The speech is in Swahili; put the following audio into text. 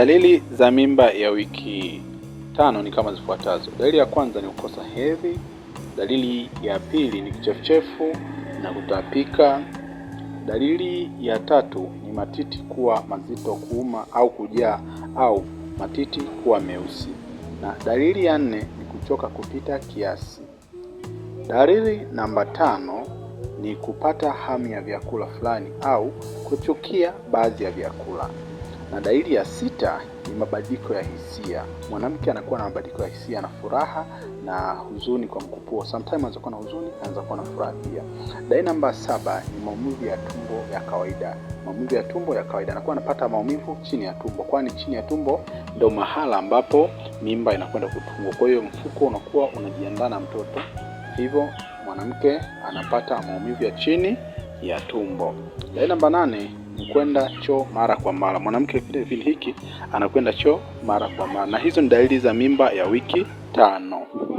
Dalili za mimba ya wiki tano ni kama zifuatazo. Dalili ya kwanza ni kukosa hedhi. Dalili ya pili ni kichefuchefu na kutapika. Dalili ya tatu ni matiti kuwa mazito, kuuma au kujaa, au matiti kuwa meusi, na dalili ya nne ni kuchoka kupita kiasi. Dalili namba tano ni kupata hamu ya vyakula fulani au kuchukia baadhi ya vyakula. Na dalili ya sita ni mabadiliko ya hisia. Mwanamke anakuwa na mabadiliko ya hisia na furaha na huzuni kwa mkupuo. Sometimes anaweza kuwa na huzuni, anaweza kuwa na furaha pia. Dalili namba saba ni maumivu ya tumbo ya kawaida. Maumivu ya tumbo ya kawaida, anakuwa anapata maumivu chini ya tumbo, kwani chini ya tumbo ndio mahala ambapo mimba inakwenda kutungwa. Kwa hiyo mfuko unakuwa unajiandaa na mtoto, hivyo mwanamke anapata maumivu ya chini ya tumbo. Dalili namba nane kwenda choo mara kwa mara. Mwanamke vile vile hiki anakwenda choo mara kwa mara, na hizo ni dalili za mimba ya wiki tano.